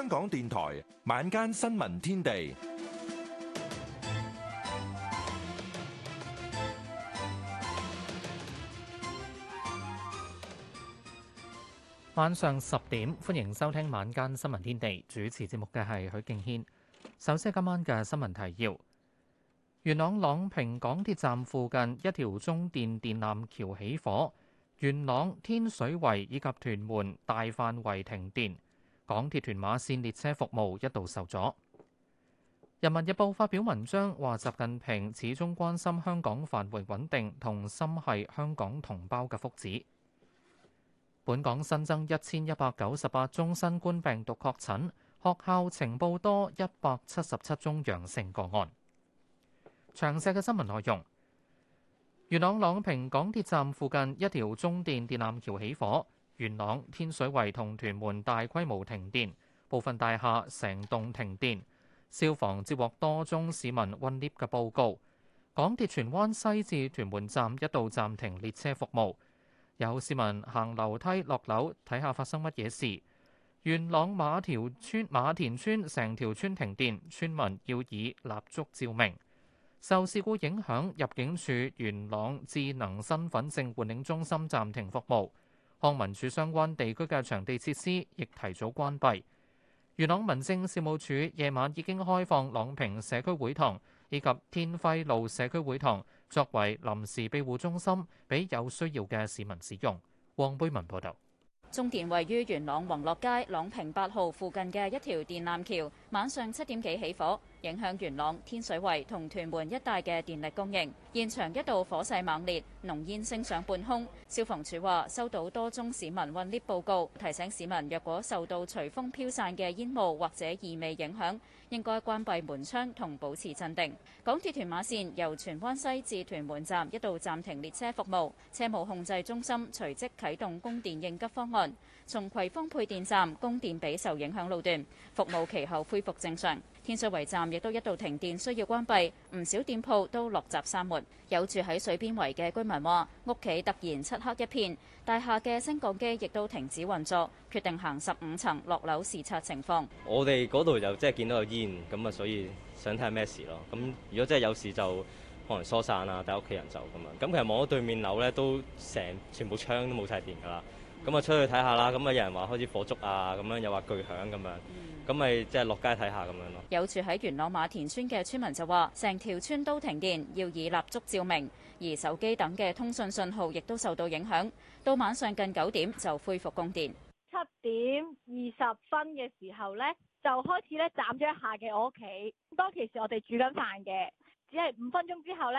香港電台晚間新聞天地，晚上十點歡迎收聽晚間新聞天地。主持節目嘅係許敬軒。首先係今晚嘅新聞提要：元朗朗屏港鐵站附近一條中電電纜橋起火，元朗天水圍以及屯門大範圍停電。港鐵屯馬線列車服務一度受阻。人民日報發表文章話：習近平始終關心香港繁榮穩定，同心係香港同胞嘅福祉。本港新增一千一百九十八宗新冠病毒確診，學校呈報多一百七十七宗陽性個案。詳細嘅新聞內容：元朗朗屏港鐵站附近一條中電電纜橋起火。元朗、天水圍同屯門大規模停電，部分大廈成棟停電。消防接獲多宗市民困 𨋢 嘅報告。港鐵荃灣西至屯門站一度暫停列車服務，有市民行樓梯落樓睇下發生乜嘢事。元朗馬條村馬田村成條村停電，村民要以蠟燭照明。受事故影響，入境處元朗智能身份證換領中心暫停服務。康文署相關地區嘅場地設施亦提早關閉。元朗民政事務處夜晚已經開放朗屏社區會堂，以及天暉路社區會堂，作為臨時庇護中心，俾有需要嘅市民使用。黃貝文報道。中電位於元朗宏樂街朗屏八號附近嘅一條電纜橋，晚上七點幾起火。影響元朗、天水圍同屯門一帶嘅電力供應，現場一度火勢猛烈，濃煙升上半空。消防處話收到多宗市民燻裂報告，提醒市民若果受到隨風飄散嘅煙霧或者異味影響，應該關閉門窗同保持鎮定。港鐵屯馬線由荃灣西至屯門站一度暫停列車服務，車務控制中心隨即啟動供電應急方案，從葵芳配電站供電俾受影響路段，服務其後恢復正常。天水圍站亦都一度停電，需要關閉，唔少店鋪都落閘閂門。有住喺水邊圍嘅居民話，屋企突然漆黑一片，大廈嘅升降機亦都停止運作，決定行十五層落樓視察情況。我哋嗰度就即係見到有煙，咁啊，所以想睇下咩事咯。咁如果真係有事就可能疏散啦，帶屋企人走咁啊。咁其實望到對面樓咧都成全部窗都冇晒電噶啦。咁啊，出去睇下啦！咁啊，有人話開始火燭啊，咁樣又話巨響咁樣，咁咪即係落街睇下咁樣咯。有住喺元朗馬田村嘅村民就話，成條村都停電，要以蠟燭照明，而手機等嘅通訊信號亦都受到影響。到晚上近九點就恢復供電。七點二十分嘅時候呢，就開始咧斬咗一下嘅我屋企。當其時我哋煮緊飯嘅，只係五分鐘之後呢，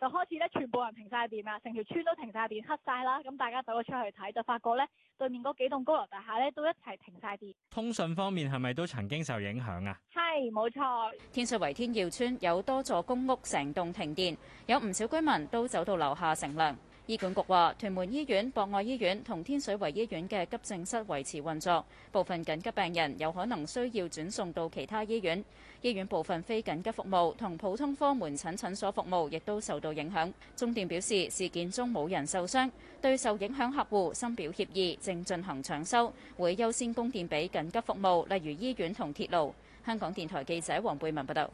就開始咧，全部人停晒電喇！成條村都停晒電，黑晒啦！咁大家走咗出去睇，就發覺呢，對面嗰幾棟高樓大廈呢，都一齊停晒電。通訊方面係咪都曾經受影響啊？係，冇錯。天水圍天耀村有多座公屋成棟停電，有唔少居民都走到樓下乘涼。醫管局話，屯門醫院、博愛醫院同天水圍醫院嘅急症室維持運作，部分緊急病人有可能需要轉送到其他醫院。醫院部分非緊急服務同普通科門診診所服務亦都受到影響。中電表示，事件中冇人受傷，對受影響客戶深表歉意，正進行搶修，會優先供電俾緊急服務，例如醫院同鐵路。香港電台記者黃貝文報道。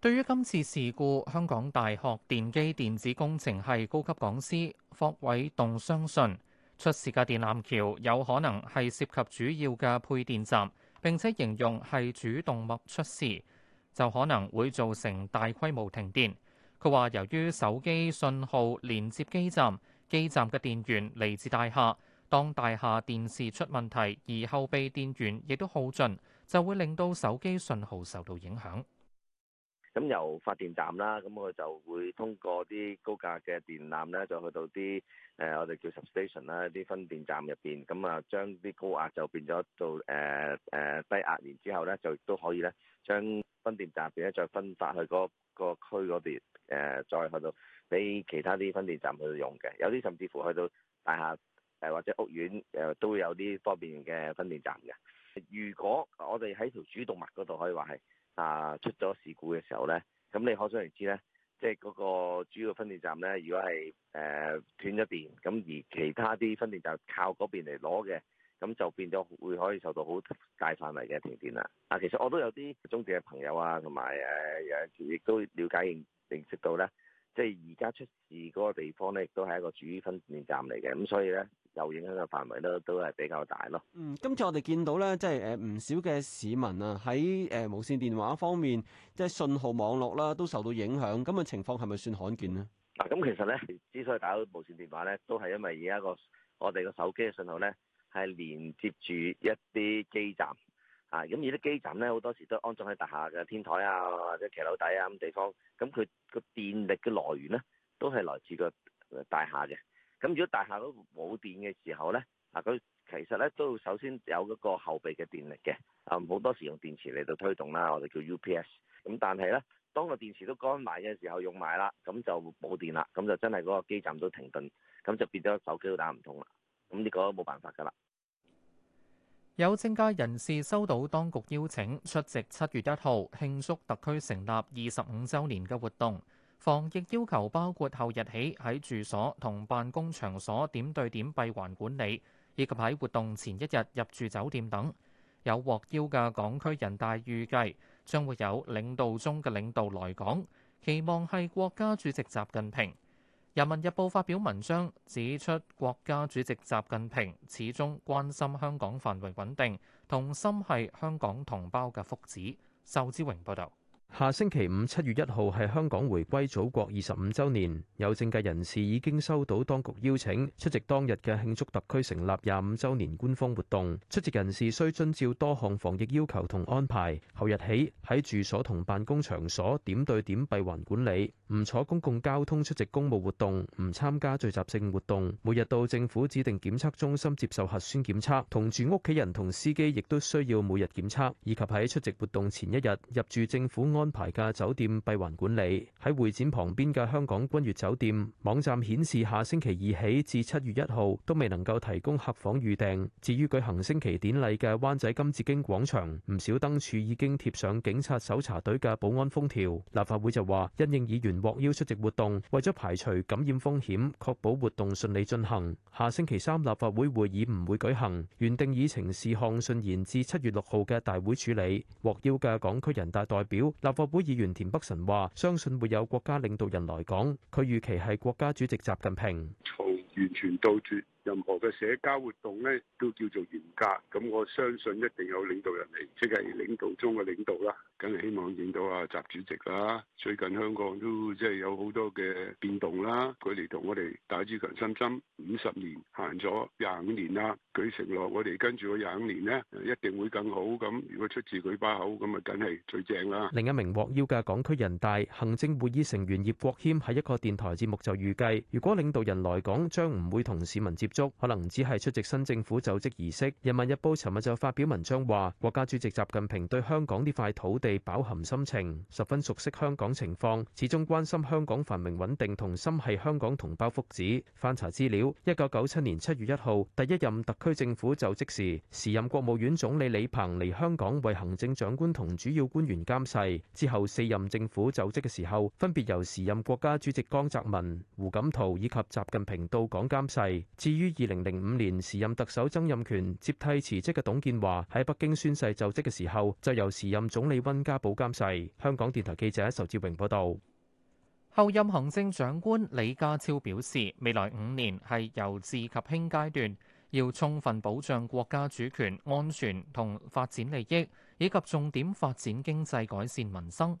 對於今次事故，香港大學電機電子工程系高級講師霍偉棟相信，出事嘅電纜橋有可能係涉及主要嘅配電站。並且形容係主動脈出事，就可能會造成大規模停電。佢話，由於手機信號連接基站，基站嘅電源嚟自大廈，當大廈電視出問題，而後備電源亦都耗盡，就會令到手機信號受到影響。咁由發電站啦，咁佢就會通過啲高壓嘅電纜咧，就去到啲誒、呃、我哋叫 substation 啦，啲分電站入邊，咁啊將啲高壓就變咗到誒誒、呃呃、低壓，然之後咧就都可以咧，將分電站入邊咧再分發去嗰個區嗰邊、呃，再去到俾其他啲分電站去用嘅。有啲甚至乎去到大廈誒、呃、或者屋苑誒、呃，都有啲方便嘅分電站嘅。如果我哋喺條主動脈嗰度，可以話係。啊！出咗事故嘅時候呢，咁你可想而知呢，即係嗰個主要分電站呢，如果係誒、呃、斷咗電，咁而其他啲分電站靠嗰邊嚟攞嘅，咁就變咗會可以受到好大範圍嘅停電啦。啊，其實我都有啲中電嘅朋友啊，同埋有陣時、誒，亦、呃、都了解認認識到呢。即係而家出事嗰個地方咧，亦都係一個主分線站嚟嘅，咁所以咧，又影響嘅範圍都都係比較大咯。嗯，今次我哋見到咧，即係誒唔少嘅市民啊，喺誒無線電話方面，即係信號網絡啦、啊，都受到影響。咁嘅情況係咪算罕見呢？啊，咁其實咧，之所以打到無線電話咧，都係因為而家個我哋個手機嘅信號咧係連接住一啲基站。啊，咁而啲基站咧，好多時都安裝喺大廈嘅天台啊，或者騎樓底啊咁地方，咁佢個電力嘅來源咧，都係來自個大廈嘅。咁如果大廈都冇電嘅時候咧，啊，佢其實咧都首先有嗰個後備嘅電力嘅，啊、嗯、好多時用電池嚟到推動啦，我哋叫 UPS。咁但係咧，當個電池都乾埋嘅時候用埋啦，咁就冇電啦，咁就真係嗰個基站都停頓，咁就變咗手機都打唔通啦，咁呢個都冇辦法噶啦。有政界人士收到當局邀請出席七月一號慶祝特區成立二十五週年嘅活動，防疫要求包括後日起喺住所同辦公場所點對點閉環管理，以及喺活動前一日入住酒店等。有獲邀嘅港區人大預計將會有領導中嘅領導來港，期望係國家主席習近平。《人民日報》發表文章指出，國家主席習近平始終關心香港繁榮穩定，同心係香港同胞嘅福祉。仇志榮報導。下星期五七月一號係香港回歸祖國二十五周年，有政界人士已經收到當局邀請出席當日嘅慶祝特區成立廿五周年官方活動。出席人士需遵照多項防疫要求同安排。後日起喺住所同辦公場所點對點閉環管理，唔坐公共交通出席公務活動，唔參加聚集性活動。每日到政府指定檢測中心接受核酸檢測，同住屋企人同司機亦都需要每日檢測，以及喺出席活動前一日入住政府。安排嘅酒店閉環管理。喺會展旁邊嘅香港君悅酒店網站顯示，下星期二起至七月一號都未能夠提供客房預訂。至於舉行升旗典禮嘅灣仔金紫荊廣場唔少燈柱已經貼上警察搜查隊嘅保安封條。立法會就話因應議員獲邀出席活動，為咗排除感染風險確保活動順利進行，下星期三立法會會議唔會舉行，原定議程事項順延至七月六號嘅大會處理，獲邀嘅港區人大代表立法會議員田北辰話：相信會有國家領導人來港，佢預期係國家主席習近平，從完全到斷，任何嘅社交活動呢都叫做嚴格。咁我相信一定有領導人嚟，即係領導中嘅領導啦。梗係希望見到啊習主席啦。最近香港都即係有好多嘅變動啦，佢嚟同我哋打支強心針，五十年行咗廿五年啦。佢承諾我哋跟住佢廿五年呢，一定會更好。咁如果出自佢把口，咁啊梗係最正啦。另一名獲邀嘅港，港區人大行政會議成員葉國謙喺一個電台節目就預計，如果領導人來港，將唔會同市民接。可能只係出席新政府就職儀式，《人民日報》尋日就發表文章話，國家主席習近平對香港呢塊土地飽含深情，十分熟悉香港情況，始終關心香港繁榮穩定同心係香港同胞福祉。翻查資料，一九九七年七月一號第一任特區政府就職時，時任國務院總理李鵬嚟香港為行政長官同主要官員監誓。之後四任政府就職嘅時候，分別由時任國家主席江澤民、胡錦濤以及習近平到港監誓。至於於二零零五年，時任特首曾蔭權接替辭職嘅董建華喺北京宣誓就職嘅時候，就由時任總理溫家寶監誓。香港電台記者仇志榮報道。後任行政長官李家超表示，未來五年係由治及興階段，要充分保障國家主權、安全同發展利益，以及重點發展經濟、改善民生。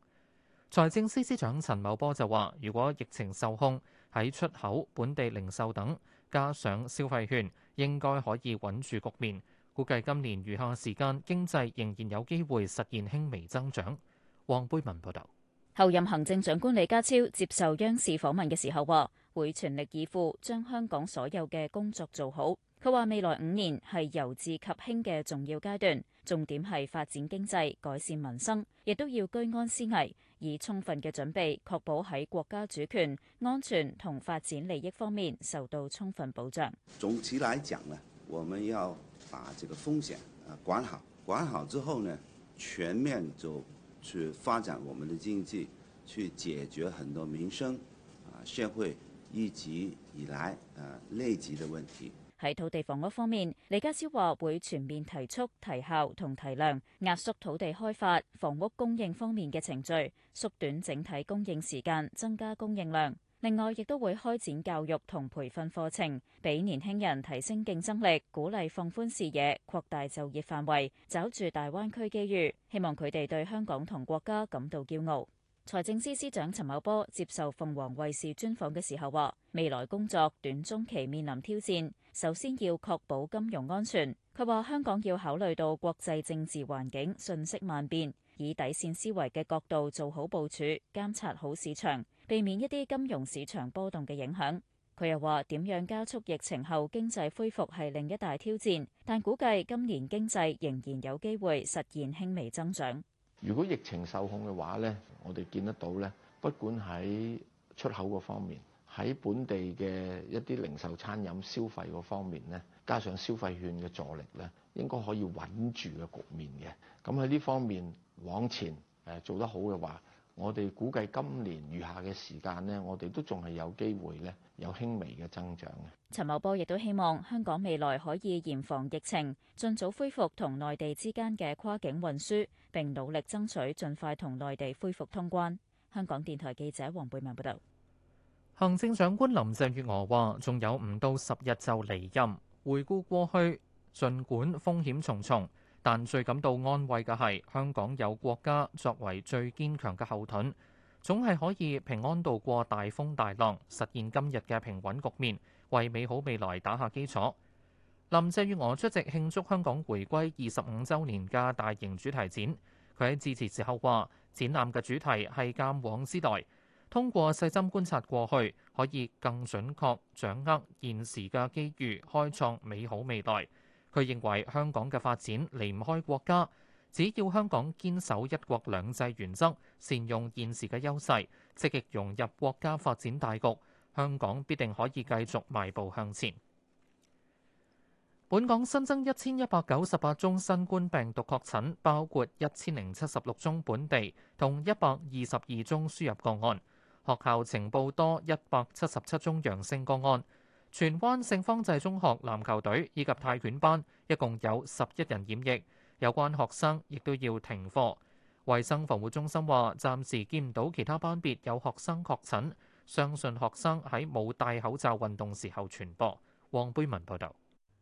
財政司司長陳茂波就話，如果疫情受控，喺出口、本地零售等。加上消費券，應該可以穩住局面。估計今年餘下時間經濟仍然有機會實現輕微增長。黃貝文報道。候任行政長官李家超接受央視訪問嘅時候話，會全力以赴將香港所有嘅工作做好。佢話未來五年係由治及興嘅重要階段，重點係發展經濟，改善民生，亦都要居安思危。以充分嘅準備，確保喺國家主權、安全同發展利益方面受到充分保障。總體來講呢，我們要把這個風險啊管好，管好之後呢，全面就去發展我們的經濟，去解決很多民生啊社會一直以來啊累積的問題。喺土地房屋方面，李家超話會全面提速、提效同提量，壓縮土地開發房屋供應方面嘅程序，縮短整體供應時間，增加供應量。另外，亦都會開展教育同培訓課程，俾年輕人提升競爭力，鼓勵放寬視野，擴大就業範圍，抓住大灣區機遇。希望佢哋對香港同國家感到驕傲。財政司司長陳茂波接受鳳凰衛視專訪嘅時候話，未來工作短中期面臨挑戰。首先要確保金融安全。佢話香港要考慮到國際政治環境瞬息萬變，以底線思維嘅角度做好部署，監察好市場，避免一啲金融市場波動嘅影響。佢又話點樣加速疫情後經濟恢復係另一大挑戰，但估計今年經濟仍然有機會實現輕微增長。如果疫情受控嘅話呢，我哋見得到呢，不管喺出口嗰方面，喺本地嘅一啲零售餐飲消費嗰方面呢，加上消費券嘅助力呢，應該可以穩住嘅局面嘅。咁喺呢方面往前誒、呃、做得好嘅話，我哋估計今年餘下嘅時間呢，我哋都仲係有機會呢，有輕微嘅增長嘅。陳茂波亦都希望香港未來可以嚴防疫情，盡早恢復同內地之間嘅跨境運輸，並努力爭取盡快同內地恢復通關，香港電台記者黃貝文報道。行政長官林鄭月娥話：仲有唔到十日就離任。回顧過去，儘管風險重重，但最感到安慰嘅係香港有國家作為最堅強嘅後盾，總係可以平安度過大風大浪，實現今日嘅平穩局面，為美好未來打下基礎。林鄭月娥出席慶祝香港回歸二十五週年嘅大型主題展，佢喺致辭時候話：展覽嘅主題係鑑往知來。通過細針觀察過去，可以更準確掌握現時嘅機遇，開創美好未來。佢認為香港嘅發展離唔開國家，只要香港堅守一國兩制原則，善用現時嘅優勢，積極融入國家發展大局，香港必定可以繼續邁步向前。本港新增一千一百九十八宗新冠病毒確診，包括一千零七十六宗本地同一百二十二宗輸入個案。學校情報多一百七十七宗陽性個案，荃灣聖方濟中學籃球隊以及泰拳班一共有十一人染疫，有關學生亦都要停課。衛生防護中心話，暫時見唔到其他班別有學生確診，相信學生喺冇戴口罩運動時候傳播。黃貝文報道。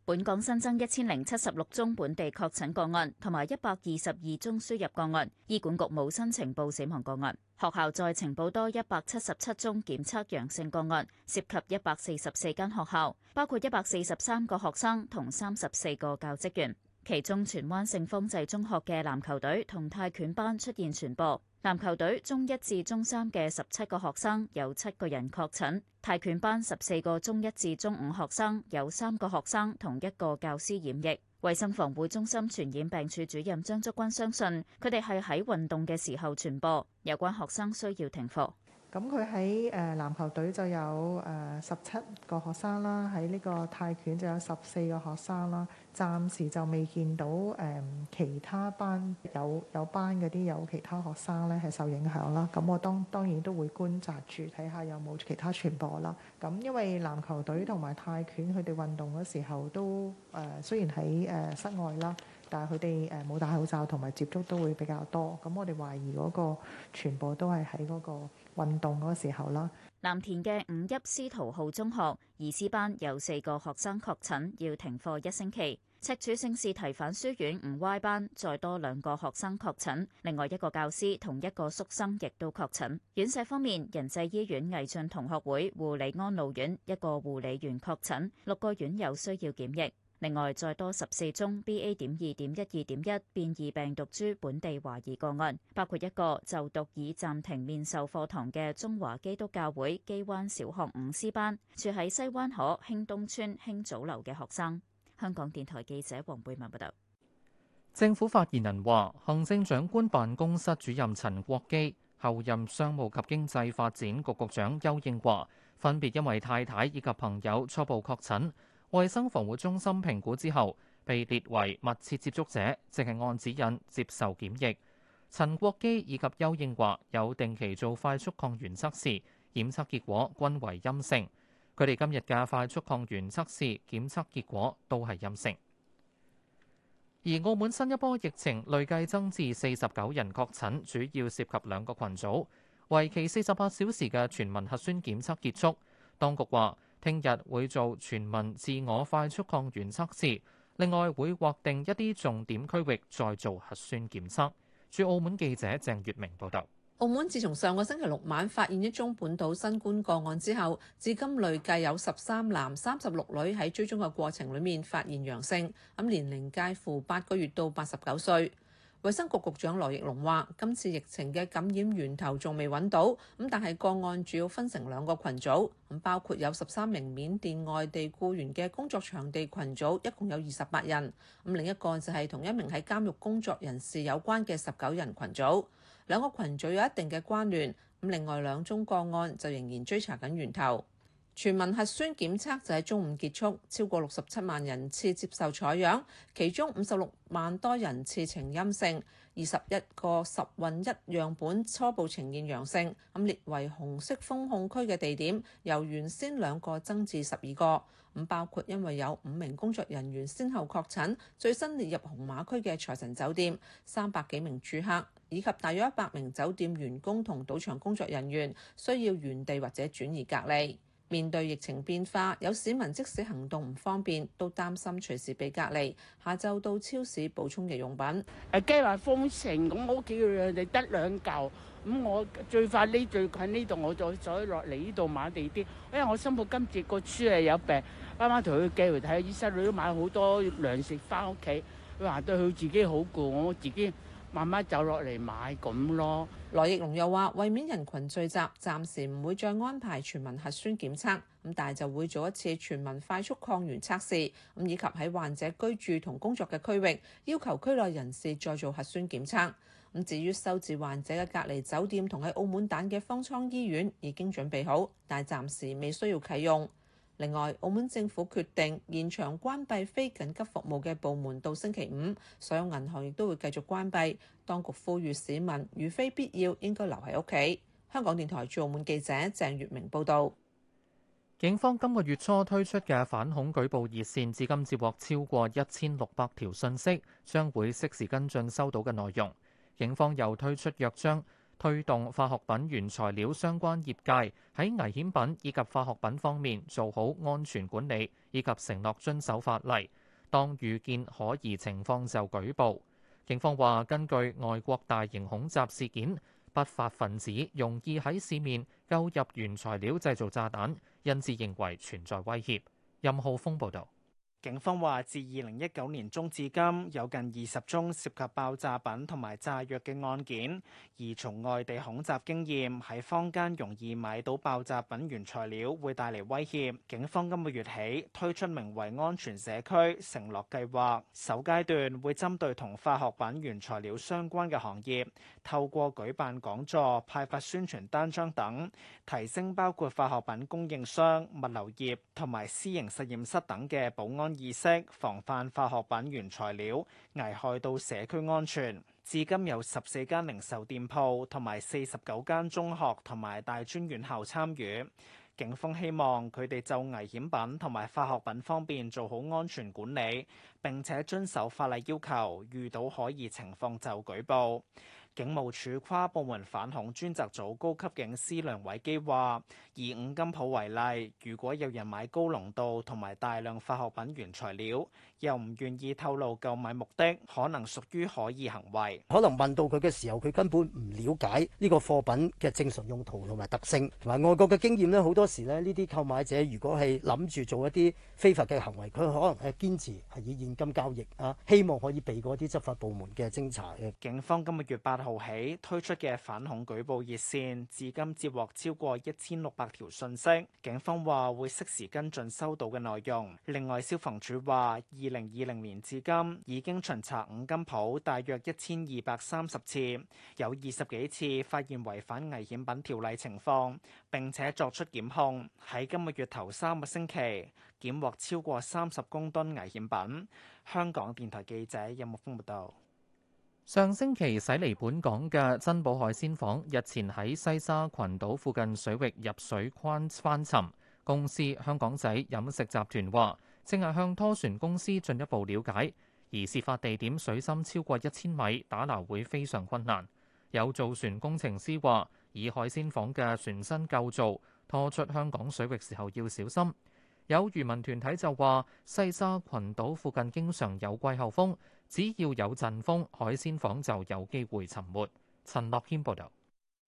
本港新增一千零七十六宗本地確診個案，同埋一百二十二宗輸入個案。醫管局冇新呈報死亡個案。學校再呈報多一百七十七宗檢測陽性個案，涉及一百四十四間學校，包括一百四十三個學生同三十四個教職員。其中，荃灣聖芳濟中學嘅籃球隊同泰拳班出現傳播。籃球隊中一至中三嘅十七個學生有七個人確診。泰拳班十四個中一至中五學生，有三個學生同一個教師染疫。衛生防護中心傳染病處主任張竹君相信，佢哋係喺運動嘅時候傳播。有關學生需要停課。咁佢喺誒籃球隊就有誒十七個學生啦，喺呢個泰拳就有十四個學生啦。暫時就未見到誒、呃、其他班有有班嗰啲有其他學生咧係受影響啦。咁我當當然都會觀察住睇下有冇其他傳播啦。咁因為籃球隊同埋泰拳佢哋運動嗰時候都誒、呃、雖然喺誒、呃、室外啦，但係，佢哋誒冇戴口罩同埋接觸都會比較多。咁我哋懷疑嗰個傳播都係喺嗰個。運動嗰時候啦，藍田嘅五邑司徒浩中學二師班有四個學生確診，要停課一星期。赤柱聖士提反書院吳歪班再多兩個學生確診，另外一個教師同一個宿生亦都確診。院舍方面，仁濟醫院藝進同學會護理安老院一個護理員確診，六個院友需要檢疫。另外，再多十四宗 BA. 點二點一二點一變異病毒株本地懷疑個案，包括一個就讀已暫停面授課堂嘅中華基督教會基灣小學五 C 班，住喺西灣河興東邨興祖樓嘅學生。香港電台記者黃貝文報道。政府發言人話，行政長官辦公室主任陳國基，候任商務及經濟發展局局長丘應樺，分別因為太太以及朋友初步確診。衛生防護中心評估之後，被列為密切接觸者，淨係按指引接受檢疫。陳國基以及邱應華有定期做快速抗原測試，檢測結果均為陰性。佢哋今日嘅快速抗原測試檢測結果都係陰性。而澳門新一波疫情累計增至四十九人確診，主要涉及兩個群組，為期四十八小時嘅全民核酸檢測結束，當局話，聽日會做全民自我快速抗原測試，另外會劃定一啲重點區域再做核酸檢測。駐澳門記者鄭月明報道。澳門自從上個星期六晚發現一宗本土新冠個案之後，至今累計有十三男三十六女喺追蹤嘅過程裡面發現陽性，咁年齡介乎八個月到八十九歲。衛生局局長羅奕龍話，今次疫情嘅感染源頭仲未揾到，咁但係個案主要分成兩個群組，咁包括有十三名緬甸外地僱員嘅工作場地群組，一共有二十八人，咁另一個就係同一名喺監獄工作人士有關嘅十九人群組，兩個群組有一定嘅關聯，咁另外兩宗個案就仍然追查緊源頭。全民核酸檢測就喺中午結束，超過六十七萬人次接受採樣，其中五十六萬多人次呈陰性，二十一個十混一樣本初步呈現陽性，咁列為紅色封控區嘅地點，由原先兩個增至十二個，咁包括因為有五名工作人員先後確診，最新列入紅碼區嘅財神酒店三百幾名住客以及大約一百名酒店員工同賭場工作人員需要原地或者轉移隔離。面對疫情變化，有市民即使行動唔方便，都擔心隨時被隔離。下晝到超市補充日用品。誒，計劃封城，咁我屋企佢哋得兩嚿，咁我最快呢最近呢度，我再再落嚟呢度買地啲。因為我心抱今次個孫係有病，啱啱同佢寄嚟睇醫生，女都買好多糧食翻屋企。佢話對佢自己好過，我自己。慢慢走落嚟買咁咯。羅奕龍又話為免人群聚集，暫時唔會再安排全民核酸檢測，咁但係就會做一次全民快速抗原測試，咁以及喺患者居住同工作嘅區域要求區內人士再做核酸檢測，咁至於收治患者嘅隔離酒店同喺澳門蛋嘅方艙醫院已經準備好，但係暫時未需要啟用。另外，澳門政府決定延長關閉非緊急服務嘅部門到星期五，所有銀行亦都會繼續關閉。當局呼籲市民如非必要，應該留喺屋企。香港電台駐澳門記者鄭月明報道：「警方今個月初推出嘅反恐舉報熱線，至今接獲超過一千六百條訊息，將會適時跟進收到嘅內容。警方又推出約章。推動化學品原材料相關業界喺危險品以及化學品方面做好安全管理，以及承諾遵守法例。當遇見可疑情況就舉報。警方話，根據外國大型恐襲事件，不法分子容易喺市面購入原材料製造炸彈，因此認為存在威脅。任浩峰報導。警方話，自二零一九年中至今，有近二十宗涉及爆炸品同埋炸藥嘅案件。而從外地恐襲經驗，喺坊間容易買到爆炸品原材料會帶嚟威脅。警方今個月起推出名為「安全社區承諾計劃」，首階段會針對同化學品原材料相關嘅行業，透過舉辦講座、派發宣傳單張等，提升包括化學品供應商、物流業同埋私營實驗室等嘅保安。意識防範化學品原材料危害到社區安全，至今有十四間零售店鋪同埋四十九間中學同埋大專院校參與。警方希望佢哋就危險品同埋化學品方面做好安全管理，並且遵守法例要求，遇到可疑情況就舉報。警務處跨部門反恐專責組高級警司梁偉基話，以五金鋪為例，如果有人買高濃度同埋大量化學品原材料，又唔願意透露購買目的，可能屬於可疑行為。可能問到佢嘅時候，佢根本唔了解呢個貨品嘅正常用途同埋特性。同埋外國嘅經驗呢，好多時呢呢啲購買者如果係諗住做一啲非法嘅行為，佢可能係堅持係以現金交易啊，希望可以避過啲執法部門嘅偵查嘅。警方今個月八號起推出嘅反恐舉報熱線，至今接獲超過一千六百條訊息。警方話會適時跟進收到嘅內容。另外，消防處話，二零二零年至今已經巡查五金鋪大約一千二百三十次，有二十幾次發現違反危險品條例情況，並且作出檢控。喺今個月頭三個星期，檢獲超過三十公噸危險品。香港電台記者任木豐報道。有上星期駛離本港嘅珍寶海鮮舫日前喺西沙群島附近水域入水困翻沉。公司香港仔飲食集團話正係向拖船公司進一步了解，而事發地點水深超過一千米，打撈會非常困難。有造船工程師話，以海鮮舫嘅船身構造，拖出香港水域時候要小心。有漁民團體就話，西沙群島附近經常有季候風，只要有陣風，海鮮舫就有機會沉沒。陳樂軒報導。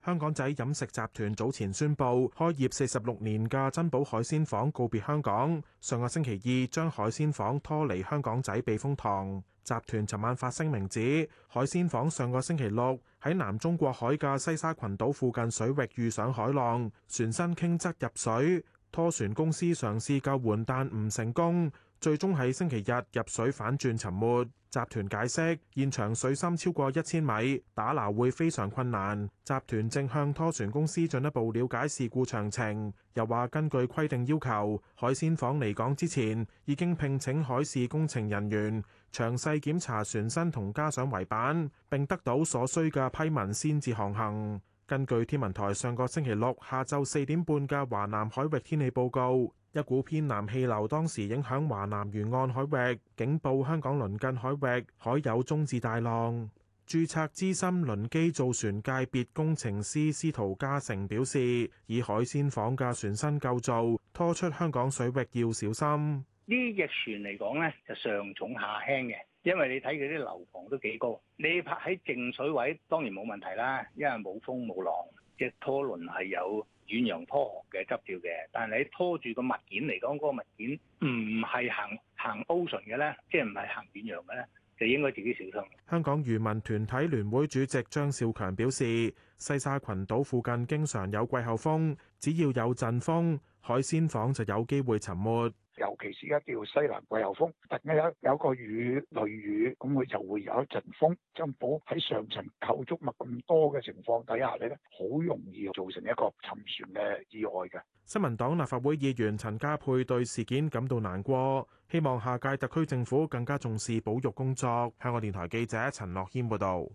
香港仔飲食集團早前宣布，開業四十六年嘅珍寶海鮮舫告別香港。上個星期二，將海鮮舫拖離香港仔避風塘。集團尋晚發聲明指，海鮮舫上個星期六喺南中國海嘅西沙群島附近水域遇上海浪，船身傾側入水。拖船公司嘗試救援，但唔成功，最終喺星期日入水反轉沉沒。集團解釋，現場水深超過一千米，打撈會非常困難。集團正向拖船公司進一步了解事故詳情，又話根據規定要求，海鮮舫離港之前已經聘請海事工程人員詳細檢查船身同加上圍板，並得到所需嘅批文先至航行。根據天文台上個星期六下晝四點半嘅華南海域天氣報告，一股偏南氣流當時影響華南沿岸海域，警報香港鄰近海域，海有中至大浪。註冊資深輪機造船界別工程師司徒嘉誠表示，以海鮮舫嘅船身構造，拖出香港水域要小心。呢隻船嚟講呢就上重下輕嘅。因為你睇佢啲樓房都幾高，你泊喺淨水位當然冇問題啦，因為冇風冇浪，隻拖輪係有遠洋拖航嘅執照嘅。但係你拖住個物件嚟講，嗰個物件唔係行行 Ocean 嘅咧，即係唔係行遠洋嘅咧，就應該自己小心。香港漁民團體聯會主席張少強表示，西沙群島附近經常有季候風，只要有陣風，海鮮舫就有機會沉沒。尤其是而家叫西南季候風，突然間有有個雨，雷雨，咁佢就會有一陣風，將保喺上層構築物咁多嘅情況底下你咧，好容易造成一個沉船嘅意外嘅。新民黨立法會議員陳家佩對事件感到難過，希望下屆特區政府更加重視保育工作。香港電台記者陳樂謙報道。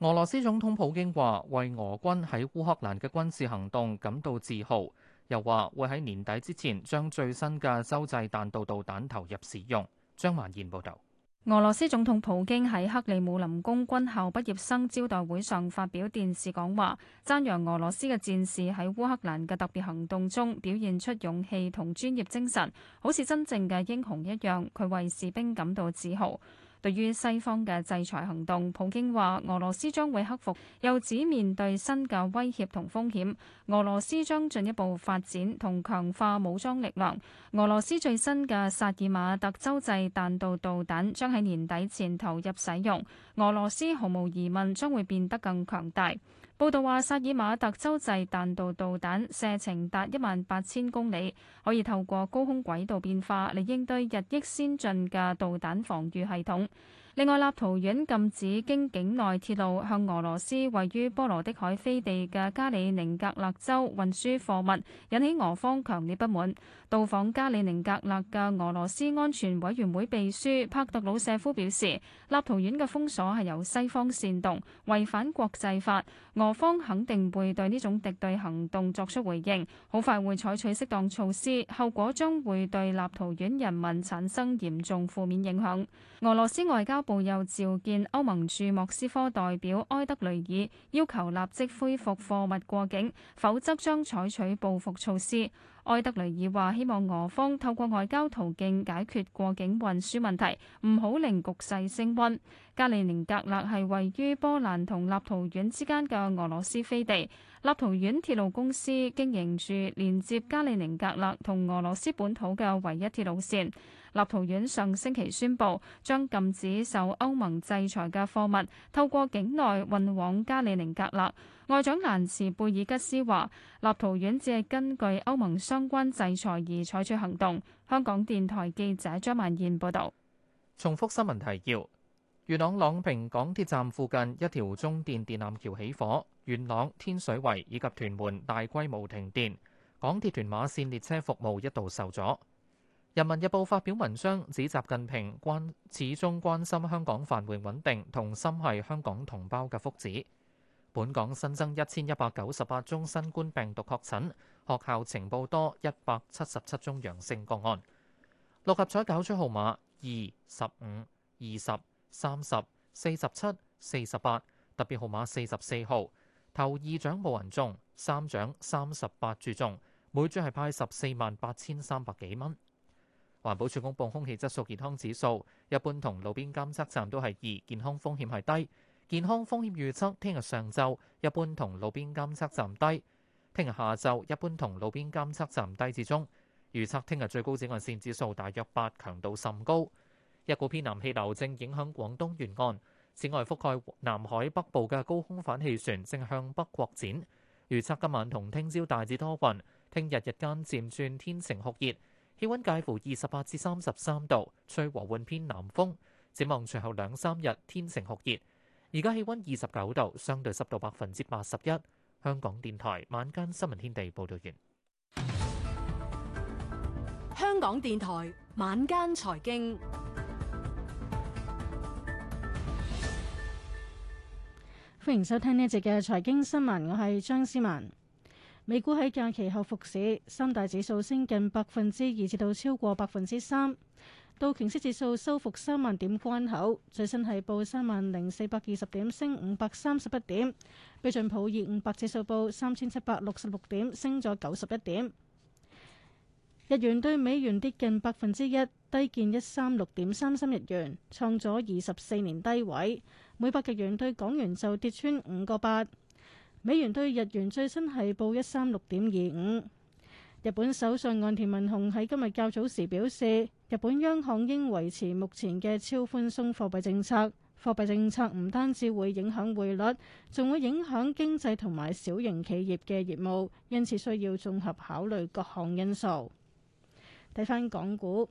俄羅斯總統普京話，為俄軍喺烏克蘭嘅軍事行動感到自豪。又話會喺年底之前將最新嘅洲際彈道導彈投入使用。張曼燕報導。俄羅斯總統普京喺克里姆林宮軍校畢業生招待會上發表電視講話，讚揚俄羅斯嘅戰士喺烏克蘭嘅特別行動中表現出勇氣同專業精神，好似真正嘅英雄一樣。佢為士兵感到自豪。對於西方嘅制裁行動，普京話俄羅斯將會克服，又指面對新嘅威脅同風險，俄羅斯將進一步發展同強化武裝力量。俄羅斯最新嘅薩爾馬特洲際彈道導彈將喺年底前投入使用。俄羅斯毫無疑問將會變得更強大。報道話，薩爾馬特洲際彈道導彈射程達一萬八千公里，可以透過高空軌道變化嚟應對日益先進嘅導彈防禦系統。另外，立陶宛禁止經境內鐵路向俄羅斯位於波羅的海飛地嘅加里寧格勒州運輸貨物，引起俄方強烈不滿。到訪加里寧格勒嘅俄羅斯安全委員會秘書帕特魯舍夫表示，立陶宛嘅封鎖係由西方煽動，違反國際法。俄方肯定會對呢種敵對行動作出回應，好快會採取適當措施，後果將會對立陶宛人民產生嚴重負面影響。俄羅斯外交部又召見歐盟駐莫斯科代表埃德雷爾，要求立即恢復貨物過境，否則將採取報復措施。埃德雷爾話：希望俄方透過外交途徑解決過境運輸問題，唔好令局勢升温。加里寧格勒係位於波蘭同立陶宛之間嘅俄羅斯飛地，立陶宛鐵路公司經營住連接加里寧格勒同俄羅斯本土嘅唯一鐵路線。立陶宛上星期宣布，將禁止受歐盟制裁嘅貨物透過境內運往加里寧格勒。外長蘭茨貝爾吉斯話，立陶宛只係根據歐盟相關制裁而採取行動。香港電台記者張曼燕報道。重複新聞提要：元朗朗屏港鐵站附近一條中電電纜橋起火，元朗天水圍以及屯門大規模停電，港鐵屯馬線列車服務一度受阻。《人民日報》發表文章指，習近平關始終關心香港繁榮穩定，同心係香港同胞嘅福祉。本港新增一千一百九十八宗新冠病毒確診，學校情報多一百七十七宗陽性個案。六合彩攪出號碼二、十五、二十、三十四、十七、四十八，特別號碼四十四號。頭二獎冇人中，三獎三十八注中，每張係派十四萬八千三百幾蚊。環保署公布空氣質素健康指數，一般同路邊監測站都係二，健康風險係低。健康風險預測，聽日上晝一般同路邊監測站低，聽日下晝一般同路邊監測站低至中。預測聽日最高紫外線指數大約八，強度甚高。一股偏南氣流正影響廣東沿岸，此外覆蓋南海北部嘅高空反氣旋正向北擴展。預測今晚同聽朝大致多雲，聽日日間漸轉天晴酷熱。氣溫介乎二十八至三十三度，吹和緩偏南風。展望隨後兩三日，天晴酷熱。而家氣溫二十九度，相對濕度百分之八十一。香港電台晚間新聞天地報道完。香港電台晚間財經，歡迎收聽呢一節嘅財經新聞，我係張思文。美股喺假期後復市，三大指數升近百分之二，至到超過百分之三。道瓊斯指數收復三萬點關口，最新係報三萬零四百二十點，升五百三十一點。標準普爾五百指數報三千七百六十六點，升咗九十一點。日元對美元跌近百分之一，低見一三六點三三日元，創咗二十四年低位。每百日元對港元就跌穿五個八。美元兌日元最新係報一三六點二五。日本首相岸田文雄喺今日較早時表示，日本央行應維持目前嘅超寬鬆貨幣政策。貨幣政策唔單止會影響匯率，仲會影響經濟同埋小型企業嘅業務，因此需要綜合考慮各項因素。睇翻港股。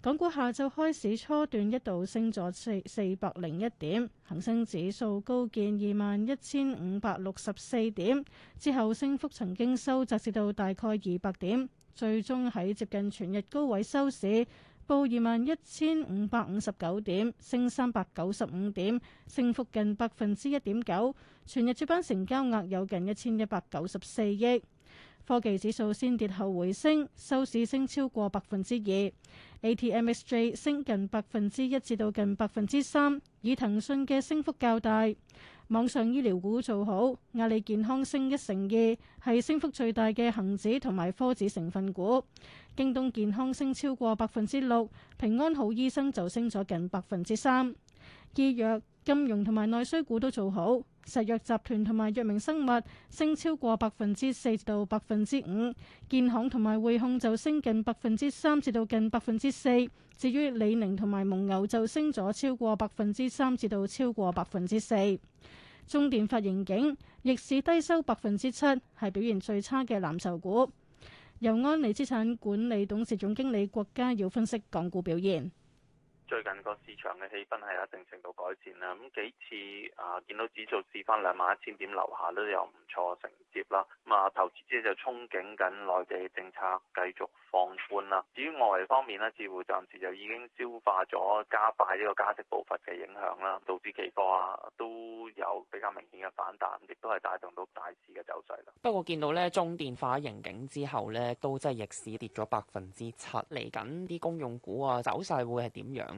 港股下晝開市初段一度升咗四四百零一點，恒生指數高見二萬一千五百六十四點，之後升幅曾經收窄至到大概二百點，最終喺接近全日高位收市，報二萬一千五百五十九點，升三百九十五點，升幅近百分之一點九，全日主板成交額有近一千一百九十四億。科技指數先跌後回升，收市升超過百分之二。ATMXJ 升近百分之一至到近百分之三，以騰訊嘅升幅較大。網上醫療股做好，阿里健康升一成二，係升幅最大嘅恒指同埋科指成分股。京東健康升超過百分之六，平安好醫生就升咗近百分之三。醫藥、金融同埋內需股都做好。石藥集團同埋藥明生物升超過百分之四到百分之五，建行同埋匯控就升近百分之三至到近百分之四，至於李寧同埋蒙牛就升咗超過百分之三至到超過百分之四，中電發盈警，逆市低收百分之七，係表現最差嘅藍籌股。由安利資產管理董事總經理郭家耀分析港股表現。最近個市場嘅氣氛係有一定程度改善啦，咁幾次啊，見到指數試返兩萬一千點樓下都有唔錯承接啦。咁啊，投資者就憧憬緊內地政策繼續放寬啦。至於外圍方面咧，似乎暫時就已經消化咗加快呢個加息步伐嘅影響啦，導致期貨啊都有比較明顯嘅反彈，亦都係帶動到大市嘅走勢啦。不過見到咧，中電化迎景之後咧，都真係逆市跌咗百分之七。嚟緊啲公用股啊，走勢會係點樣？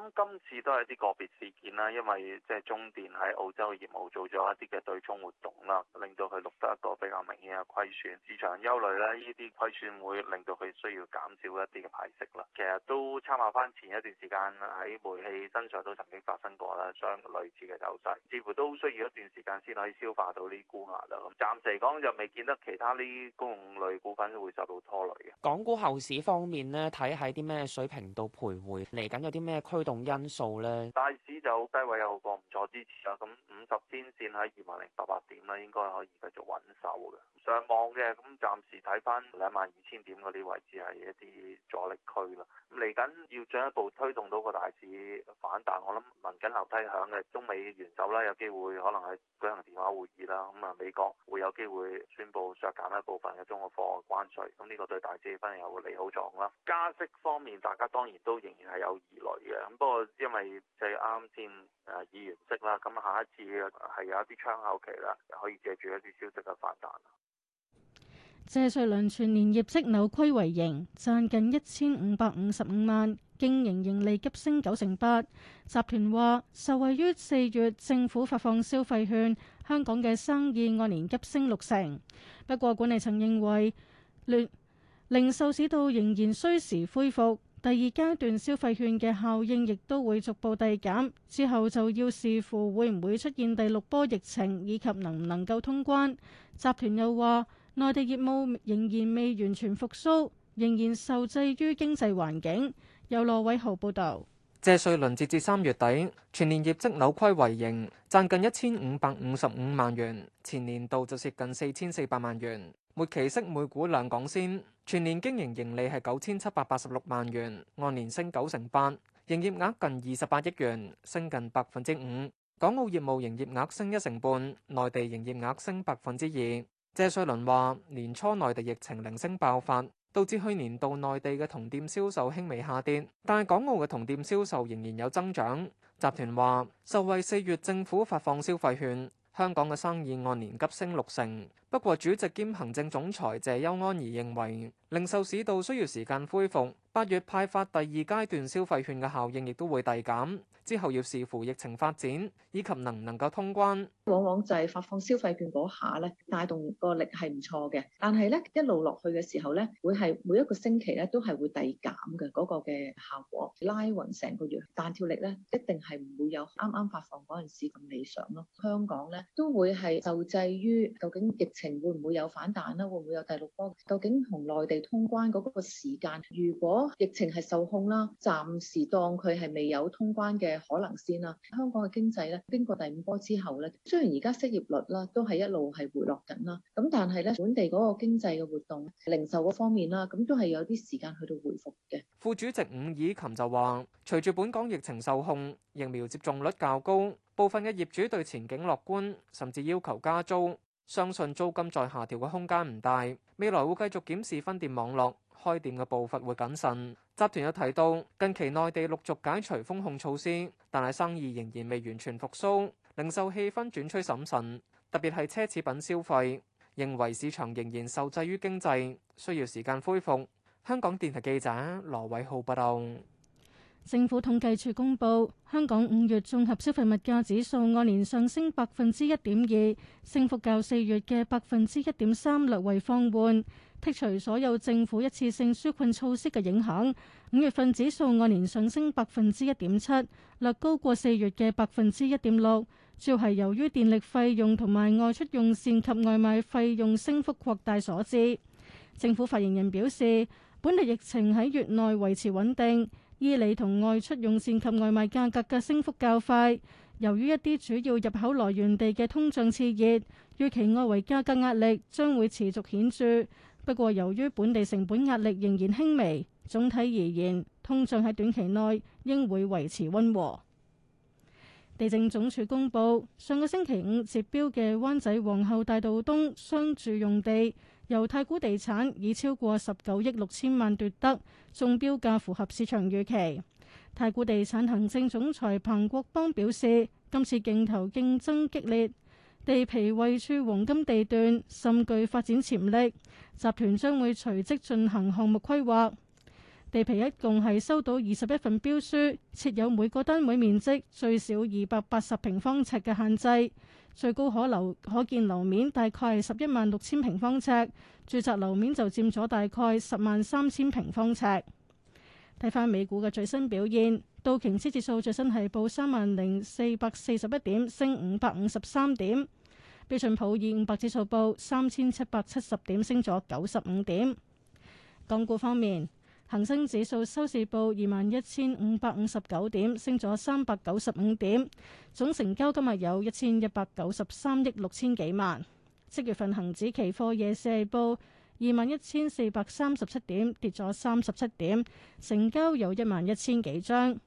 咁今次都係一啲個別事件啦，因為即係中電喺澳洲嘅業務做咗一啲嘅對沖活動啦，令到佢錄得一個比較明顯嘅虧損。市場憂慮咧，呢啲虧損會令到佢需要減少一啲嘅派息啦。其實都參考翻前一段時間喺煤氣身上都曾經發生過啦，相類似嘅走勢，似乎都需要一段時間先可以消化到呢啲沽壓啦。咁暫時嚟講就未見得其他呢啲公用類股份會受到拖累嘅。港股後市方面呢，睇喺啲咩水平度徘徊，嚟緊有啲咩驅動？因素咧，大市就低位有個唔錯支持啊。咁五十天線喺二萬零八八點啦，應該可以繼續穩守嘅上望嘅。咁暫時睇翻兩萬二千點嗰啲位置係一啲阻力區啦。嚟緊要進一步推動到個大市反彈，我諗聞緊樓梯響嘅中美元首啦，有機會可能係舉行電話會議啦。咁啊，美國會有機會宣佈削減一部分嘅中國貨嘅關稅，咁呢個對大市分有利好作用啦。加息方面，大家當然都仍然係有疑慮嘅。不過因為就係啱先，誒，已完息啦。咁下一次係有一啲窗口期啦，可以借住一啲消息嘅反彈。謝瑞麟全年業績扭虧為盈，賺近一千五百五十五萬，經營盈,盈利急升九成八。集團話受惠於四月政府發放消費券，香港嘅生意按年急升六成。不過管理層認為，零售市道仍然需時恢復。第二階段消費券嘅效應亦都會逐步遞減，之後就要視乎會唔會出現第六波疫情以及能唔能夠通關。集團又話，內地業務仍然未完全復甦，仍然受制於經濟環境。有羅偉豪報導。謝瑞麟截至三月底全年業績扭虧為盈，賺近一千五百五十五萬元，前年度就蝕近四千四百萬元，末期息每股兩港仙。全年經營盈利係九千七百八十六萬元，按年升九成八，營業額近二十八億元，升近百分之五。港澳業務營業額升一成半，內地營業額升百分之二。謝瑞麟話：年初內地疫情零星爆發，導致去年度內地嘅同店銷售輕微下跌，但係港澳嘅同店銷售仍然有增長。集團話受惠四月政府發放消費券，香港嘅生意按年急升六成。不過，主席兼行政總裁謝邱安怡認為，零售市道需要時間恢復，八月派發第二階段消費券嘅效應亦都會遞減，之後要視乎疫情發展以及能唔能夠通關。往往就係發放消費券嗰下咧，帶動個力係唔錯嘅，但係咧一路落去嘅時候咧，會係每一個星期咧都係會遞減嘅嗰個嘅效果，拉勻成個月彈跳力咧一定係唔會有啱啱發放嗰陣時咁理想咯。香港咧都會係受制於究竟疫情情會唔會有反彈咧？會唔會有第六波？究竟同內地通關嗰個時間，如果疫情係受控啦，暫時當佢係未有通關嘅可能性啦。香港嘅經濟咧，經過第五波之後咧，雖然而家失業率啦都係一路係回落緊啦，咁但係咧本地嗰個經濟嘅活動、零售嗰方面啦，咁都係有啲時間去到恢復嘅。副主席伍以琴就話，隨住本港疫情受控，疫苗接種率較高，部分嘅業主對前景樂觀，甚至要求加租。相信租金再下調嘅空間唔大，未來會繼續檢視分店網絡開店嘅步伐會謹慎。集團有提到，近期內地陸續解除封控措施，但係生意仍然未完全復甦，零售氣氛轉趨審慎，特別係奢侈品消費，認為市場仍然受制於經濟，需要時間恢復。香港電台記者羅偉浩報道。政府統計處公布，香港五月綜合消費物價指數按年上升百分之一點二，升幅較四月嘅百分之一點三略為放緩。剔除所有政府一次性紓困措施嘅影響，五月份指數按年上升百分之一點七，略高過四月嘅百分之一點六，主要係由於電力費用同埋外出用膳及外賣費用升幅擴大所致。政府發言人表示，本地疫情喺月內維持穩定。衣履同外出用膳及外賣價格嘅升幅較快，由於一啲主要入口來源地嘅通脹熾熱，預期外圍價格壓力將會持續顯著。不過，由於本地成本壓力仍然輕微，總體而言，通脹喺短期內應會維持溫和。地政總署公布，上個星期五截標嘅灣仔皇后大道東商住用地，由太古地產以超過十九億六千萬奪得，中標價符合市場預期。太古地產行政總裁彭國邦表示，今次競投競爭激烈，地皮位處黃金地段，甚具發展潛力。集團將會隨即進行項目規劃。地皮一共係收到二十一份標書，設有每個單位面積最少二百八十平方尺嘅限制，最高可樓可建樓面大概係十一萬六千平方尺，住宅樓面就佔咗大概十萬三千平方尺。睇翻美股嘅最新表現，道瓊斯指數最新係報三萬零四百四十一點，升五百五十三點；標準普爾五百指數報三千七百七十點，升咗九十五點。港股方面。恒生指數收市報二萬一千五百五十九點，升咗三百九十五點。總成交今日有一千一百九十三億六千幾萬。七月份恒指期貨夜市報二萬一千四百三十七點，跌咗三十七點，成交有一萬一千幾張。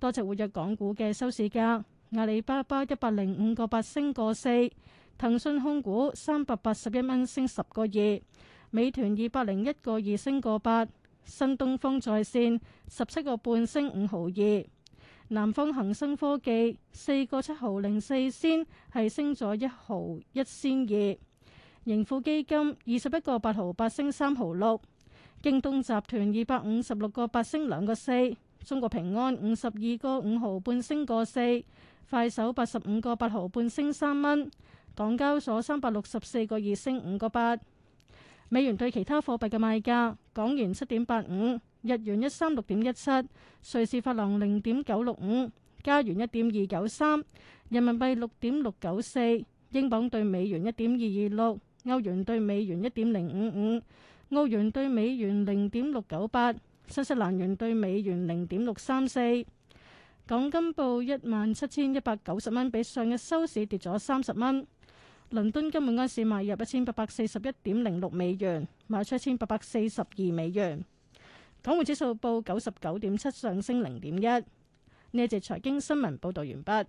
多隻活躍港股嘅收市價：阿里巴巴一百零五個八升個四，騰訊控股三百八十一蚊升十個二，美團二百零一個二升個八。新東方在綫十七個半升五毫二，南方恒生科技四個七毫零四仙，係升咗一毫一仙二，盈富基金二十一個八毫八升三毫六，京東集團二百五十六個八升兩個四，中國平安五十二個五毫半升個四，快手八十五個八毫半升三蚊，港交所三百六十四個二升五個八。美元對其他貨幣嘅賣價：港元七點八五，日元一三六點一七，瑞士法郎零點九六五，加元一點二九三，人民幣六點六九四，英鎊對美元一點二二六，歐元對美元一點零五五，澳元對美元零點六九八，新西蘭元對美元零點六三四。港金報一萬七千一百九十蚊，比上日收市跌咗三十蚊。倫敦金每盎司買入一千八百四十一點零六美元，賣出一千八百四十二美元。港匯指數報九十九點七，上升零點一。呢一節財經新聞報道完畢。